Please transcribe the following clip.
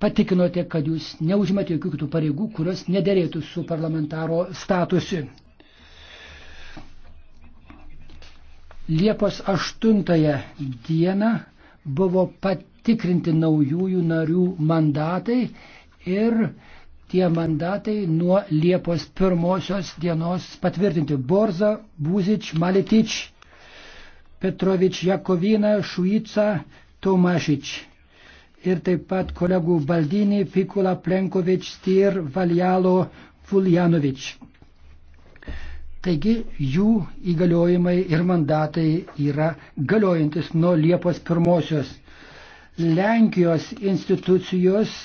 patikinote, kad jūs neužimate jokių kitų pareigų, kurios nederėtų su parlamentaro statusi. Liepos 8 dieną buvo patikrinti naujųjų narių mandatai ir tie mandatai nuo Liepos 1 dienos patvirtinti. Borza, Buzič, Maletič, Petrovič, Jakovina, Šuica, Tomašič ir taip pat kolegų Baldinį, Fikula, Plenkovič, Styr, Valjalo, Fuljanovič. Taigi jų įgaliojimai ir mandatai yra galiojantis nuo Liepos pirmosios. Lenkijos institucijos